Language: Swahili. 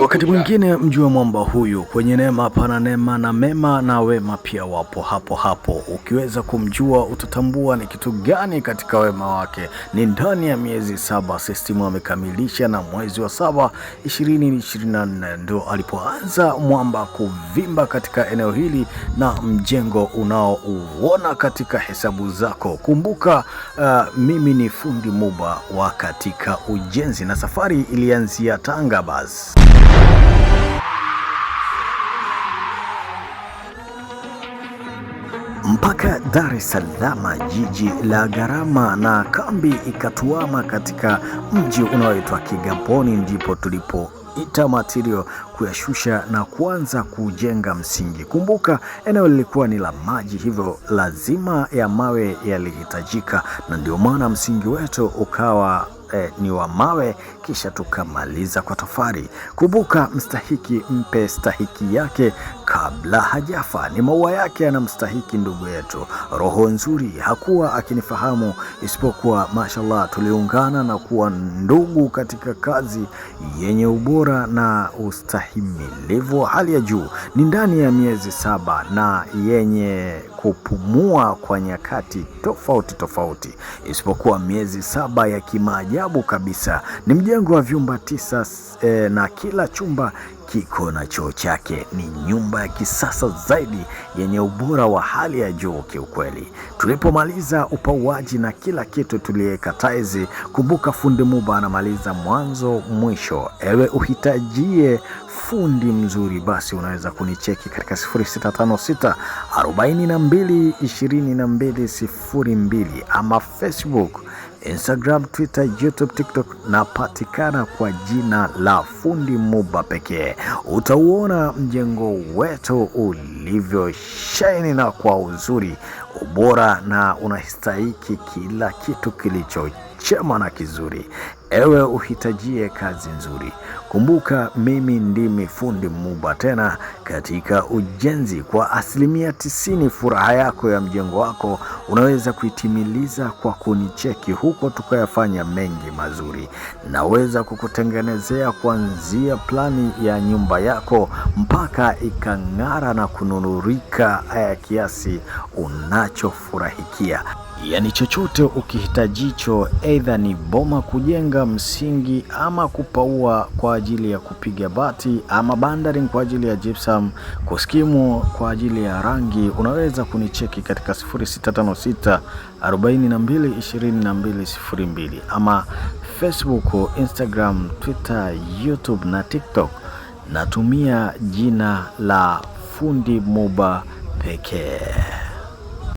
Wakati mwingine mjue mwamba huyu, kwenye neema pana neema na mema na wema pia wapo hapo hapo. Ukiweza kumjua utatambua ni kitu gani katika wema wake. Ni ndani ya miezi saba sistimu amekamilisha, na mwezi wa saba 2024 ndo alipoanza mwamba kuvimba katika eneo hili na mjengo unaouona katika hesabu zako. Kumbuka uh, mimi ni fundi Muba wa katika ujenzi na safari ilianzia Tanga basi mpaka Dar es Salaam, jiji la gharama, na kambi ikatuama katika mji unaoitwa Kigamboni, ndipo tulipo ita matirio kuyashusha na kuanza kujenga msingi. Kumbuka eneo lilikuwa ni la maji, hivyo lazima ya mawe yalihitajika, na ndio maana msingi wetu ukawa eh, ni wa mawe, kisha tukamaliza kwa tofari. Kumbuka, mstahiki mpe stahiki yake kabla hajafa. Ni maua yake anamstahiki ndugu yetu. Roho nzuri hakuwa akinifahamu isipokuwa, mashallah, tuliungana na kuwa ndugu katika kazi yenye ubora na ustahimilivu wa hali ya juu. Ni ndani ya miezi saba na yenye kupumua kwa nyakati tofauti tofauti, isipokuwa miezi saba ya kimaajabu kabisa. Ni mjengo wa vyumba tisa e, na kila chumba kiko na choo chake. Ni nyumba ya kisasa zaidi yenye ubora wa hali ya juu kiukweli. Tulipomaliza upauaji na kila kitu, tuliweka taizi. Kumbuka, fundi Muba anamaliza mwanzo mwisho. Ewe uhitajie ufundi mzuri, basi unaweza kunicheki katika 0656 42 ama Facebook, Instagram, Twitter, YouTube, TikTok napatikana kwa jina la Fundi Muba pekee. Utauona mjengo wetu uli ilivyo shaini na kwa uzuri, ubora na unastahiki kila kitu kilicho chema na kizuri. Ewe uhitajie kazi nzuri, kumbuka mimi ndimi fundi Muba, tena katika ujenzi. Kwa asilimia tisini, furaha yako ya mjengo wako unaweza kuitimiliza kwa kunicheki huko, tukayafanya mengi mazuri. Naweza kukutengenezea kuanzia plani ya nyumba yako mpaka ikang'ara na kunu kununurika haya eh, kiasi unachofurahikia. Yaani chochote ukihitajicho, aidha ni boma kujenga msingi ama kupaua kwa ajili ya kupiga bati ama bandering kwa ajili ya gypsum, kuskimu kwa ajili ya rangi, unaweza kunicheki katika 0656 42 ama Facebook, Instagram, Twitter, YouTube na TikTok natumia jina la fundi Muba pekee.